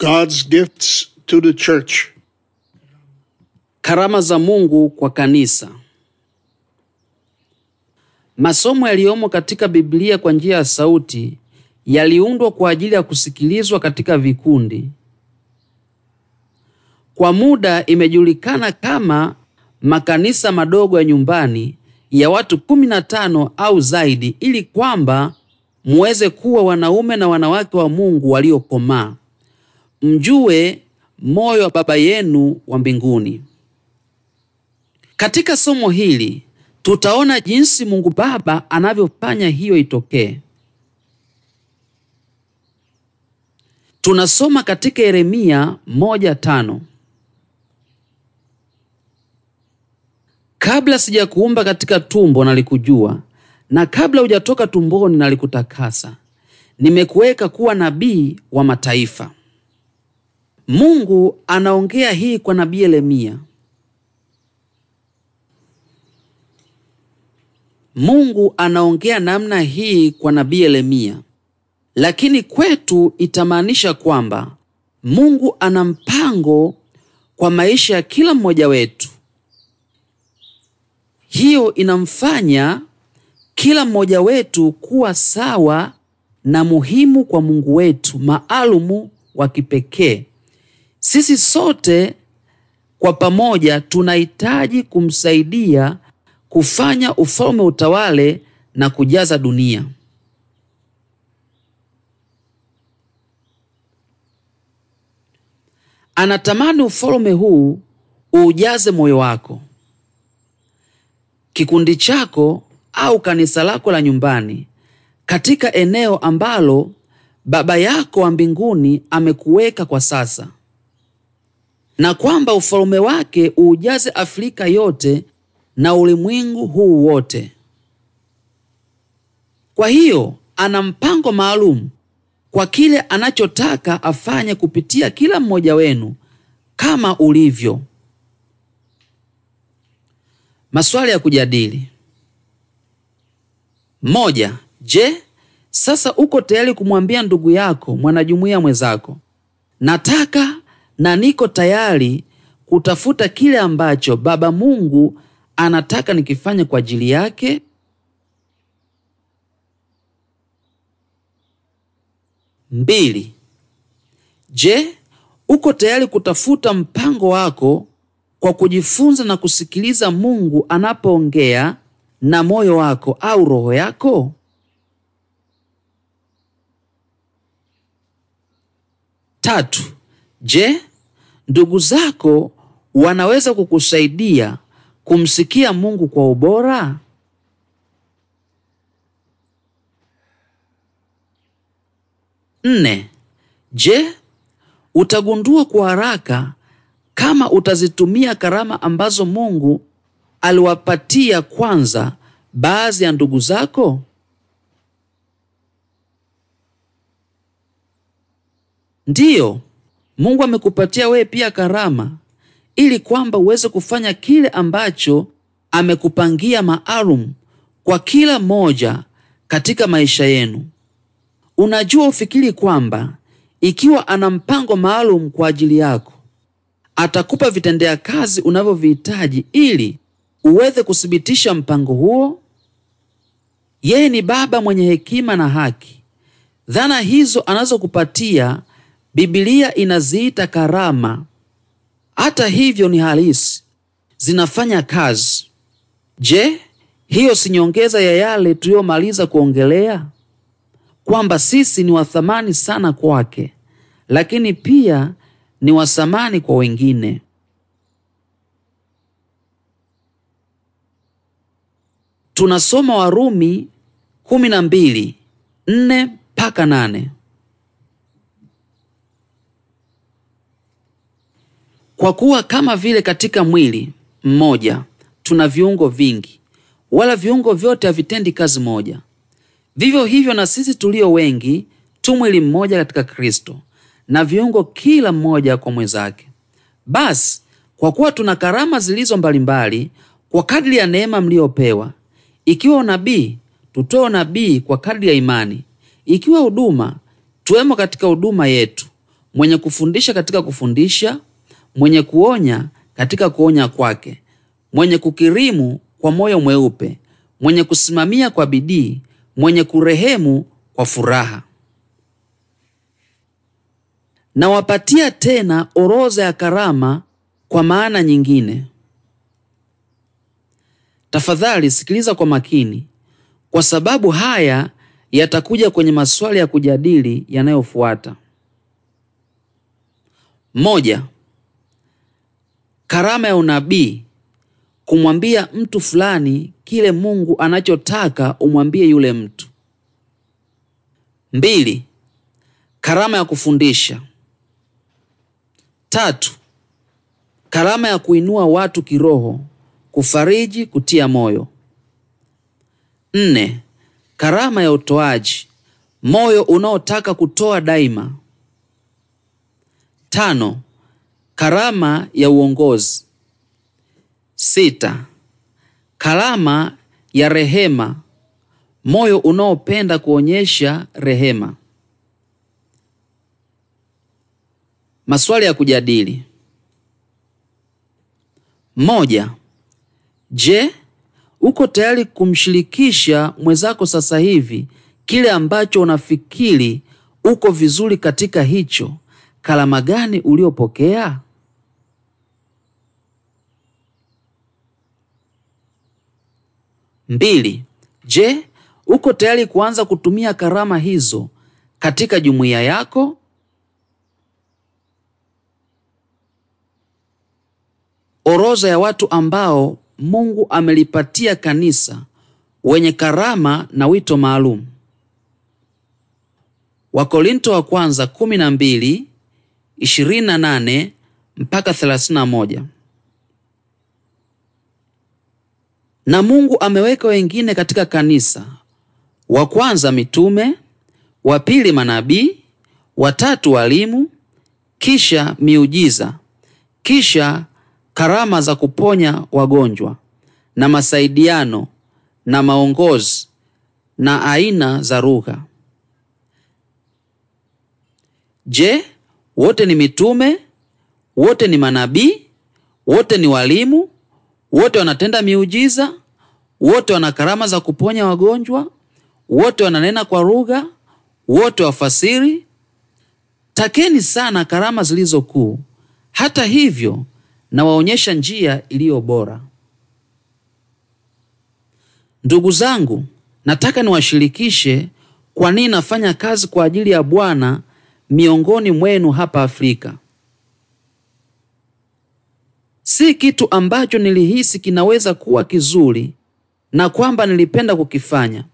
God's gifts to the church. Karama za Mungu kwa kanisa. Masomo yaliyomo katika Biblia kwa njia ya sauti yaliundwa kwa ajili ya kusikilizwa katika vikundi. Kwa muda imejulikana kama makanisa madogo ya nyumbani ya watu 15 au zaidi, ili kwamba muweze kuwa wanaume na wanawake wa Mungu waliokomaa mjue moyo wa Baba yenu wa mbinguni. Katika somo hili tutaona jinsi Mungu Baba anavyofanya hiyo itokee. Tunasoma katika Yeremia moja tano kabla sijakuumba katika tumbo nalikujua, na kabla hujatoka tumboni nalikutakasa, nimekuweka kuwa nabii wa mataifa. Mungu anaongea hii kwa nabii Yeremia. Mungu anaongea namna hii kwa nabii Yeremia, lakini kwetu itamaanisha kwamba Mungu ana mpango kwa maisha ya kila mmoja wetu. Hiyo inamfanya kila mmoja wetu kuwa sawa na muhimu kwa Mungu wetu, maalumu wa kipekee. Sisi sote kwa pamoja tunahitaji kumsaidia kufanya ufalme utawale na kujaza dunia. Anatamani ufalme huu uujaze moyo wako, kikundi chako au kanisa lako la nyumbani, katika eneo ambalo Baba yako wa mbinguni amekuweka kwa sasa na kwamba ufalme wake uujaze Afrika yote na ulimwengu huu wote. Kwa hiyo ana mpango maalum kwa kile anachotaka afanye kupitia kila mmoja wenu kama ulivyo. Maswali ya kujadili: moja. Je, sasa uko tayari kumwambia ndugu yako mwanajumuiya mwenzako, nataka na niko tayari kutafuta kile ambacho Baba Mungu anataka nikifanye kwa ajili yake. Mbili. Je, uko tayari kutafuta mpango wako kwa kujifunza na kusikiliza Mungu anapoongea na moyo wako au roho yako? Tatu. Je, Ndugu zako wanaweza kukusaidia kumsikia Mungu kwa ubora? Nne, je, utagundua kwa haraka kama utazitumia karama ambazo Mungu aliwapatia kwanza baadhi ya ndugu zako? Ndiyo. Mungu amekupatia wewe pia karama ili kwamba uweze kufanya kile ambacho amekupangia maalum kwa kila mmoja katika maisha yenu. Unajua, ufikiri kwamba ikiwa ana mpango maalum kwa ajili yako atakupa vitendea kazi unavyovihitaji ili uweze kuthibitisha mpango huo. Yeye ni Baba mwenye hekima na haki. Dhana hizo anazokupatia Biblia inaziita karama. Hata hivyo ni halisi, zinafanya kazi. Je, hiyo si nyongeza ya yale tuliyomaliza kuongelea kwamba sisi ni wathamani sana kwake, lakini pia ni wathamani kwa wengine. Tunasoma Warumi kumi mpaka Kwa kuwa kama vile katika mwili mmoja tuna viungo vingi, wala viungo vyote havitendi kazi moja, vivyo hivyo na sisi tulio wengi tu mwili mmoja katika Kristo, na viungo kila mmoja kwa mwenzake. Basi kwa kuwa tuna karama zilizo mbalimbali kwa kadri ya neema mliyopewa, ikiwa unabii, tutoe unabii kwa kadri ya imani; ikiwa huduma, tuwemo katika huduma yetu; mwenye kufundisha katika kufundisha mwenye kuonya katika kuonya kwake, mwenye kukirimu kwa moyo mweupe, mwenye kusimamia kwa bidii, mwenye kurehemu kwa furaha. Nawapatia tena orodha ya karama kwa maana nyingine. Tafadhali sikiliza kwa makini, kwa sababu haya yatakuja kwenye maswali ya kujadili yanayofuata. Moja karama ya unabii kumwambia mtu fulani kile Mungu anachotaka umwambie yule mtu. Mbili, karama ya kufundisha. Tatu, karama ya kuinua watu kiroho, kufariji, kutia moyo. Nne, karama ya utoaji, moyo unaotaka kutoa daima. Tano, karama ya uongozi. Sita, karama ya rehema, moyo unaopenda kuonyesha rehema. Maswali ya kujadili: moja. Je, uko tayari kumshirikisha mwenzako sasa hivi kile ambacho unafikiri uko vizuri katika hicho? Karama gani uliopokea? Mbili, je, uko tayari kuanza kutumia karama hizo katika jumuiya yako? Orodha ya watu ambao Mungu amelipatia kanisa wenye karama na wito maalum. Wakorinto wa kwanza 12:28 mpaka 31. Na Mungu ameweka wengine katika kanisa, wa kwanza mitume, wa pili manabii, watatu walimu, kisha miujiza, kisha karama za kuponya wagonjwa na masaidiano na maongozi na aina za lugha. Je, wote ni mitume? Wote ni manabii? Wote ni walimu? Wote wanatenda miujiza? wote wana karama za kuponya wagonjwa, wote wananena kwa lugha, wote wafasiri. Takeni sana karama zilizo kuu, hata hivyo nawaonyesha njia iliyo bora. Ndugu zangu, nataka niwashirikishe kwa nini nafanya kazi kwa ajili ya Bwana miongoni mwenu hapa Afrika. Si kitu ambacho nilihisi kinaweza kuwa kizuri na kwamba nilipenda kukifanya,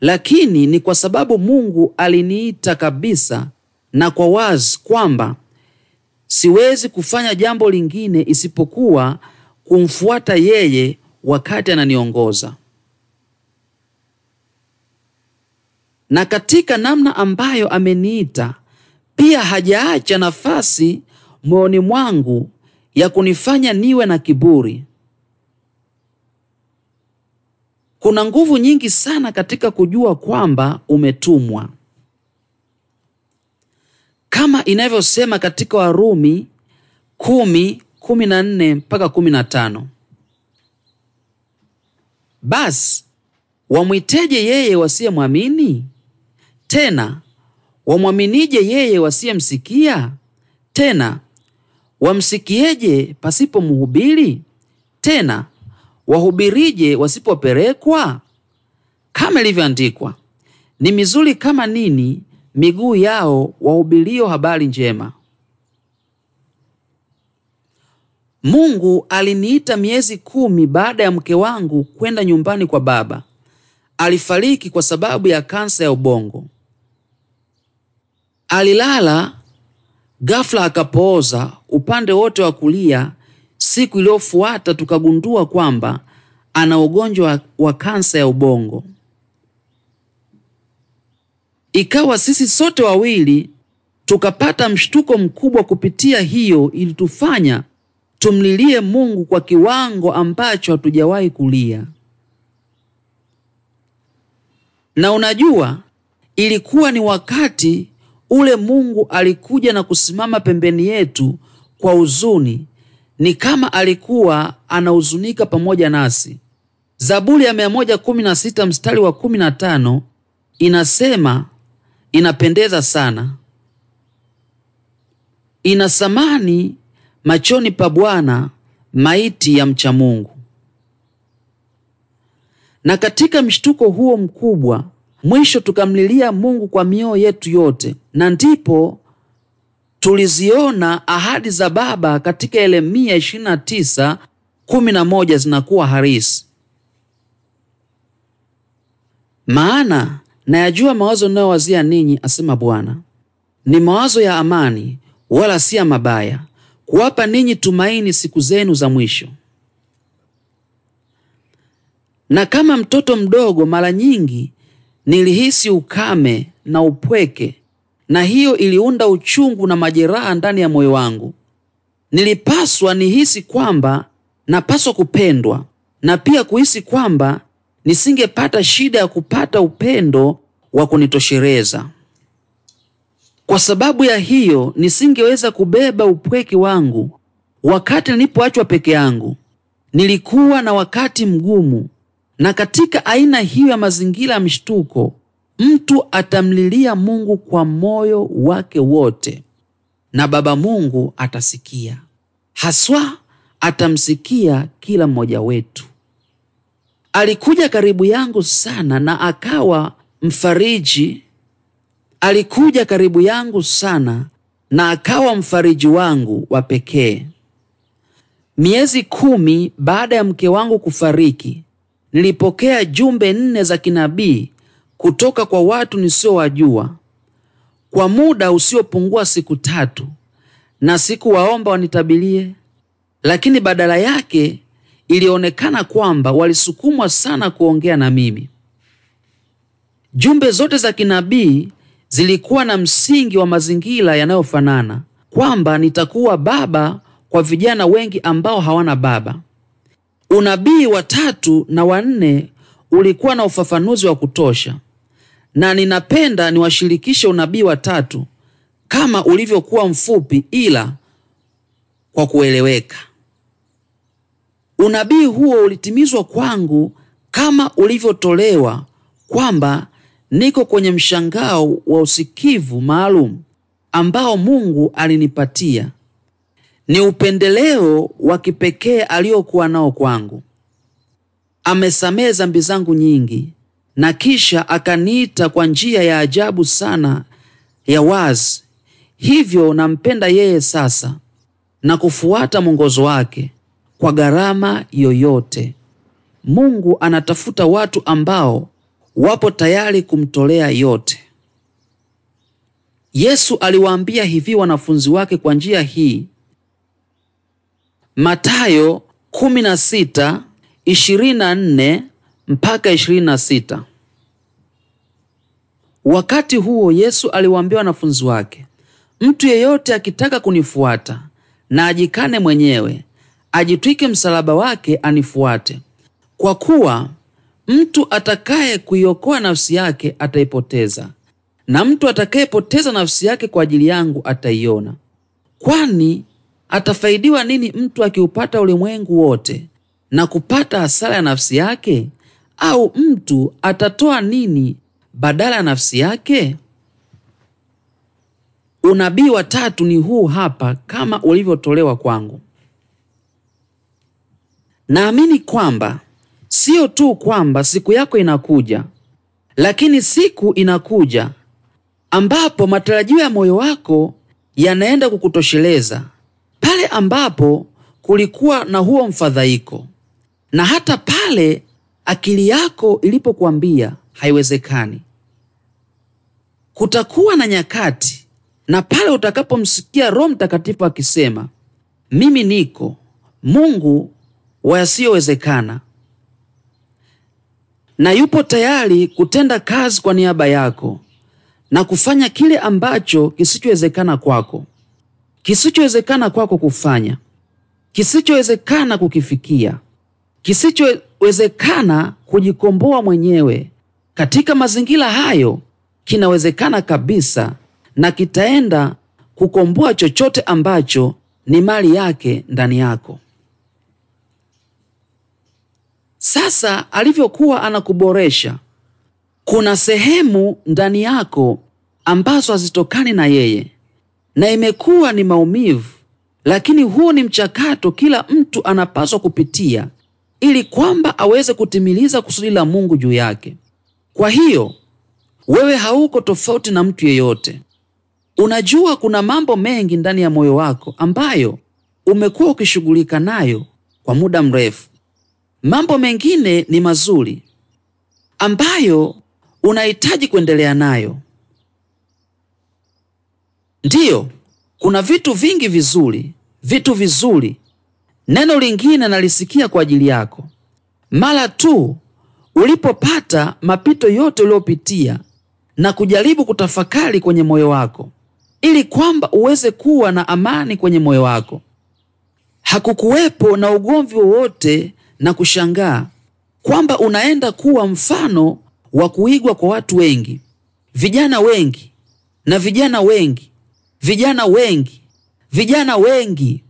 lakini ni kwa sababu Mungu aliniita kabisa na kwa wazi kwamba siwezi kufanya jambo lingine isipokuwa kumfuata yeye wakati ananiongoza. Na katika namna ambayo ameniita, pia hajaacha nafasi moyoni mwangu ya kunifanya niwe na kiburi. Kuna nguvu nyingi sana katika kujua kwamba umetumwa, kama inavyosema katika Warumi kumi mpaka 15 basi wamwiteje yeye wasiyemwamini? Tena wamwaminije yeye wasiyemsikia? Tena wamsikieje pasipo mhubiri? Tena wahubirije wasipopelekwa? Kama ilivyoandikwa, ni mizuri kama nini miguu yao wahubirio habari njema. Mungu aliniita miezi kumi baada ya mke wangu kwenda nyumbani kwa baba. Alifariki kwa sababu ya kansa ya ubongo. Alilala ghafla, akapooza upande wote wa kulia Siku iliyofuata tukagundua kwamba ana ugonjwa wa kansa ya ubongo. Ikawa sisi sote wawili tukapata mshtuko mkubwa kupitia hiyo, ilitufanya tumlilie Mungu kwa kiwango ambacho hatujawahi kulia. Na unajua, ilikuwa ni wakati ule Mungu alikuja na kusimama pembeni yetu kwa huzuni ni kama alikuwa anahuzunika pamoja nasi. Zaburi ya 116 mstari wa 15 inasema, inapendeza sana, ina samani machoni pa Bwana maiti ya mcha Mungu. Na katika mshtuko huo mkubwa, mwisho tukamlilia Mungu kwa mioyo yetu yote, na ndipo tuliziona ahadi za Baba katika Yeremia 29 zinakuwa halisi. Maana nayajua mawazo ninayowazia ninyi, asema Bwana, ni mawazo ya amani, wala si ya mabaya, kuwapa ninyi tumaini siku zenu za mwisho. Na kama mtoto mdogo, mara nyingi nilihisi ukame na upweke na hiyo iliunda uchungu na majeraha ndani ya moyo wangu. Nilipaswa nihisi kwamba napaswa kupendwa na pia kuhisi kwamba nisingepata shida ya kupata upendo wa kunitoshereza. Kwa sababu ya hiyo, nisingeweza kubeba upweke wangu wakati nilipoachwa peke yangu. Nilikuwa na wakati mgumu, na katika aina hiyo ya mazingira ya mshtuko mtu atamlilia Mungu kwa moyo wake wote, na Baba Mungu atasikia. Haswa atamsikia kila mmoja wetu. Alikuja karibu yangu sana na akawa mfariji, alikuja karibu yangu sana na akawa mfariji wangu wa pekee. Miezi kumi baada ya mke wangu kufariki, nilipokea jumbe nne za kinabii kutoka kwa watu nisiowajua kwa muda usiopungua siku tatu, na siku waomba wanitabilie. Lakini badala yake ilionekana kwamba walisukumwa sana kuongea na mimi. Jumbe zote za kinabii zilikuwa na msingi wa mazingira yanayofanana, kwamba nitakuwa baba kwa vijana wengi ambao hawana baba. Unabii wa tatu na wa nne ulikuwa na ufafanuzi wa kutosha na ninapenda niwashirikishe unabii watatu kama ulivyokuwa mfupi, ila kwa kueleweka. Unabii huo ulitimizwa kwangu kama ulivyotolewa, kwamba niko kwenye mshangao wa usikivu maalum ambao Mungu alinipatia. Ni upendeleo wa kipekee aliokuwa nao kwangu. Amesamehe zambi zangu nyingi na kisha akaniita kwa njia ya ajabu sana ya wazi. Hivyo nampenda yeye sasa na kufuata mwongozo wake kwa gharama yoyote. Mungu anatafuta watu ambao wapo tayari kumtolea yote. Yesu aliwaambia hivi wanafunzi wake kwa njia hii, Mathayo mpaka ishirini na sita. Wakati huo Yesu aliwaambia wanafunzi wake, mtu yeyote akitaka kunifuata na ajikane mwenyewe, ajitwike msalaba wake, anifuate. Kwa kuwa mtu atakaye kuiokoa nafsi yake ataipoteza, na mtu atakayepoteza nafsi yake kwa ajili yangu ataiona. Kwani atafaidiwa nini mtu akiupata ulimwengu wote na kupata hasara ya nafsi yake? au mtu atatoa nini badala ya nafsi yake? Unabii wa tatu ni huu hapa, kama ulivyotolewa kwangu. Naamini kwamba sio tu kwamba siku yako inakuja, lakini siku inakuja ambapo matarajio ya moyo wako yanaenda kukutosheleza pale ambapo kulikuwa na huo mfadhaiko, na hata pale akili yako ilipokuambia haiwezekani. Kutakuwa na nyakati na pale utakapomsikia Roho Mtakatifu akisema mimi niko Mungu wa yasiyowezekana, na yupo tayari kutenda kazi kwa niaba yako na kufanya kile ambacho kisichowezekana kwako, kisichowezekana kwako kufanya, kisichowezekana kukifikia. Kisichowezekana kujikomboa mwenyewe katika mazingira hayo kinawezekana kabisa, na kitaenda kukomboa chochote ambacho ni mali yake ndani yako. Sasa alivyokuwa anakuboresha, kuna sehemu ndani yako ambazo hazitokani na yeye na imekuwa ni maumivu, lakini huu ni mchakato kila mtu anapaswa kupitia ili kwamba aweze kutimiliza kusudi la Mungu juu yake. Kwa hiyo wewe hauko tofauti na mtu yeyote. Unajua kuna mambo mengi ndani ya moyo wako ambayo umekuwa ukishughulika nayo kwa muda mrefu. Mambo mengine ni mazuri ambayo unahitaji kuendelea nayo. Ndiyo, kuna vitu vingi vizuri, vitu vizuri Neno lingine nalisikia kwa ajili yako, mara tu ulipopata mapito yote uliopitia na kujaribu kutafakari kwenye moyo wako, ili kwamba uweze kuwa na amani kwenye moyo wako. Hakukuwepo na ugomvi wowote, na kushangaa kwamba unaenda kuwa mfano wa kuigwa kwa watu wengi, vijana wengi na vijana wengi, vijana wengi, vijana wengi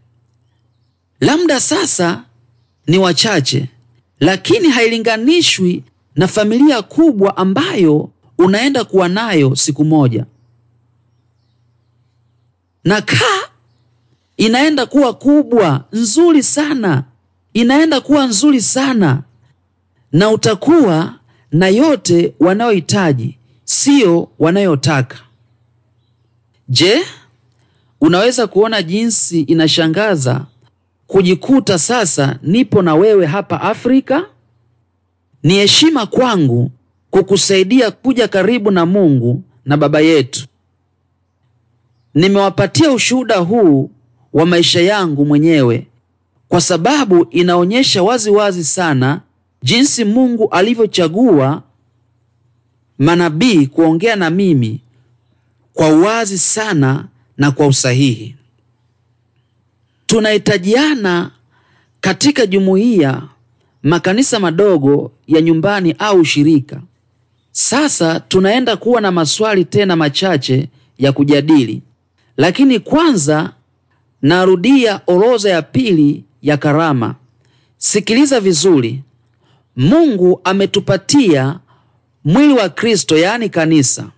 Labda sasa ni wachache, lakini hailinganishwi na familia kubwa ambayo unaenda kuwa nayo siku moja, na ka inaenda kuwa kubwa nzuri sana, inaenda kuwa nzuri sana, na utakuwa na yote wanayohitaji, siyo wanayotaka. Je, unaweza kuona jinsi inashangaza kujikuta sasa nipo na wewe hapa Afrika. Ni heshima kwangu kukusaidia kuja karibu na Mungu na Baba yetu. Nimewapatia ushuhuda huu wa maisha yangu mwenyewe kwa sababu inaonyesha wazi wazi sana jinsi Mungu alivyochagua manabii kuongea na mimi kwa uwazi sana na kwa usahihi tunahitajiana katika jumuiya, makanisa madogo ya nyumbani au shirika. Sasa tunaenda kuwa na maswali tena machache ya kujadili, lakini kwanza narudia orodha ya pili ya karama. Sikiliza vizuri. Mungu ametupatia mwili wa Kristo, yaani kanisa,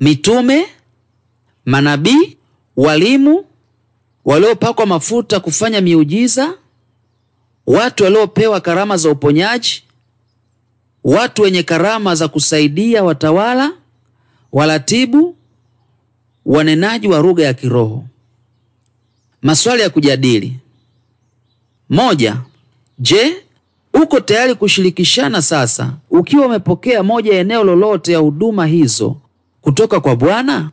mitume, manabii, walimu, waliopakwa mafuta kufanya miujiza, watu waliopewa karama za uponyaji, watu wenye karama za kusaidia watawala, walatibu, wanenaji wa lugha ya kiroho. Maswali ya kujadili: moja. Je, uko tayari kushirikishana sasa ukiwa umepokea moja eneo lolote ya huduma hizo kutoka kwa Bwana?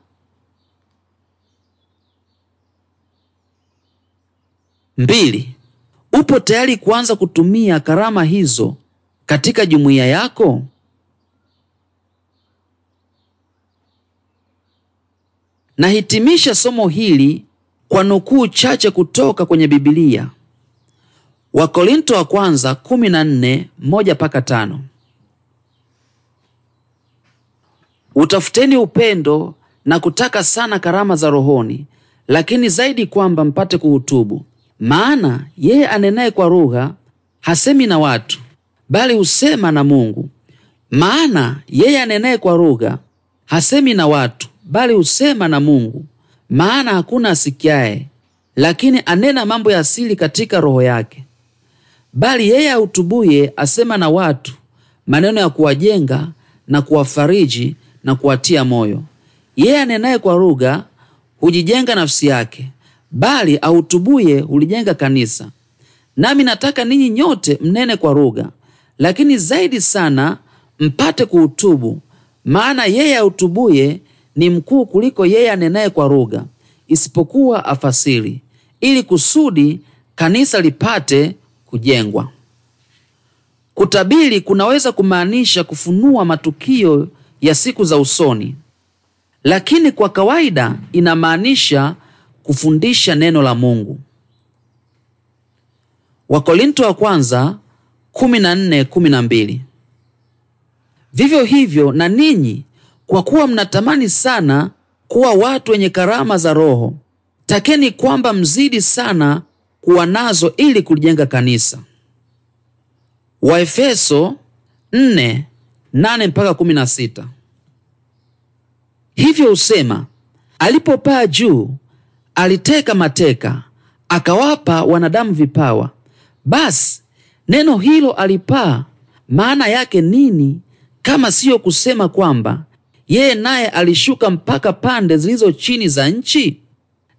Mbili, upo tayari kuanza kutumia karama hizo katika jumuiya yako? Nahitimisha somo hili kwa nukuu chache kutoka kwenye Biblia. Wakorinto wa kwanza 14:1 mpaka 5. Utafuteni upendo na kutaka sana karama za rohoni, lakini zaidi kwamba mpate kuhutubu. Maana yeye anenaye kwa lugha hasemi na watu, bali husema na Mungu. Maana yeye anenaye kwa lugha hasemi na watu, bali husema na Mungu, maana hakuna asikiaye, lakini anena mambo ya asili katika roho yake. Bali yeye ahutubuye asema na watu maneno ya kuwajenga na kuwafariji na kuwatia moyo. Yeye anenaye kwa lugha hujijenga nafsi yake, bali autubuye hulijenga kanisa. Nami nataka ninyi nyote mnene kwa lugha, lakini zaidi sana mpate kuutubu, maana yeye autubuye ni mkuu kuliko yeye anenaye kwa lugha, isipokuwa afasiri, ili kusudi kanisa lipate kujengwa. Kutabiri kunaweza kumaanisha kufunua matukio ya siku za usoni, lakini kwa kawaida inamaanisha kufundisha neno la Mungu. Wakorinto wa kwanza 14:12. Vivyo hivyo na ninyi, kwa kuwa mnatamani sana kuwa watu wenye karama za Roho, takeni kwamba mzidi sana kuwa nazo ili kulijenga kanisa. Waefeso 4:8 mpaka 16. Hivyo usema alipopaa juu aliteka mateka akawapa wanadamu vipawa. Basi neno hilo alipaa, maana yake nini kama siyo kusema kwamba yeye naye alishuka mpaka pande zilizo chini za nchi?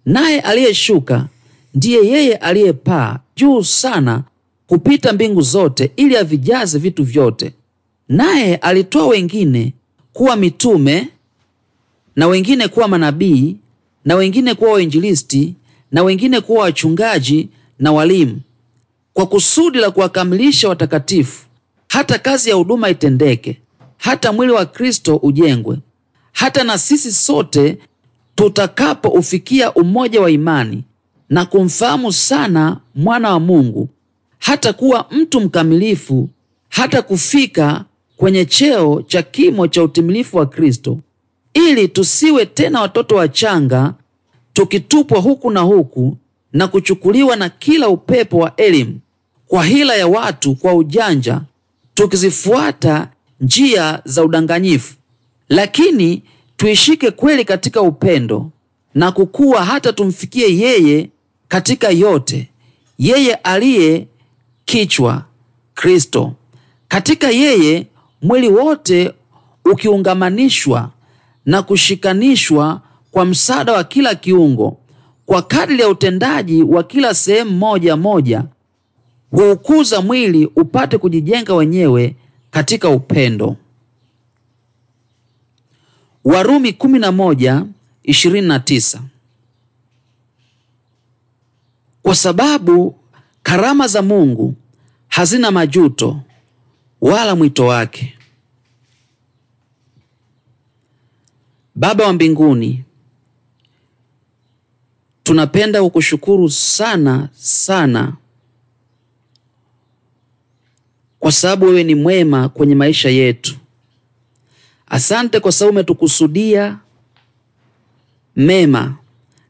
Naye aliyeshuka ndiye yeye aliyepaa juu sana kupita mbingu zote, ili avijaze vitu vyote. Naye alitoa wengine kuwa mitume na wengine kuwa manabii na wengine kuwa wainjilisti na wengine kuwa wachungaji na walimu, kwa kusudi la kuwakamilisha watakatifu, hata kazi ya huduma itendeke, hata mwili wa Kristo ujengwe, hata na sisi sote tutakapoufikia umoja wa imani na kumfahamu sana mwana wa Mungu, hata kuwa mtu mkamilifu, hata kufika kwenye cheo cha kimo cha utimilifu wa Kristo, ili tusiwe tena watoto wachanga tukitupwa huku na huku na kuchukuliwa na kila upepo wa elimu, kwa hila ya watu, kwa ujanja, tukizifuata njia za udanganyifu. Lakini tuishike kweli katika upendo na kukua, hata tumfikie yeye katika yote, yeye aliye kichwa, Kristo. Katika yeye mwili wote ukiungamanishwa na kushikanishwa kwa msaada wa kila kiungo kwa kadri ya utendaji wa kila sehemu moja moja, huukuza mwili upate kujijenga wenyewe katika upendo. Warumi 11:29. Kwa sababu karama za Mungu hazina majuto wala mwito wake Baba wa mbinguni, tunapenda kukushukuru sana sana kwa sababu wewe ni mwema kwenye maisha yetu. Asante kwa sababu umetukusudia mema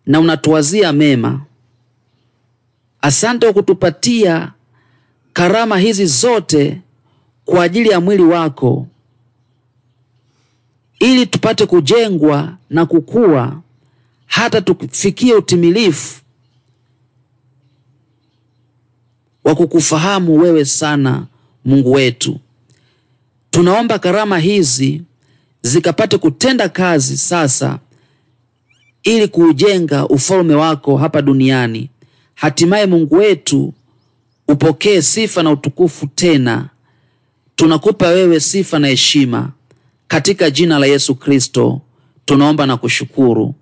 na unatuwazia mema. Asante kwa kutupatia karama hizi zote kwa ajili ya mwili wako ili tupate kujengwa na kukua hata tufikie utimilifu wa kukufahamu wewe sana Mungu wetu. Tunaomba karama hizi zikapate kutenda kazi sasa, ili kuujenga ufalme wako hapa duniani. Hatimaye Mungu wetu upokee sifa na utukufu. Tena tunakupa wewe sifa na heshima katika jina la Yesu Kristo tunaomba na kushukuru,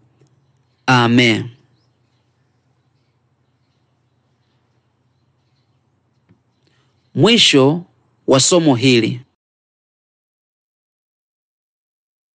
amen. Mwisho wa somo hili.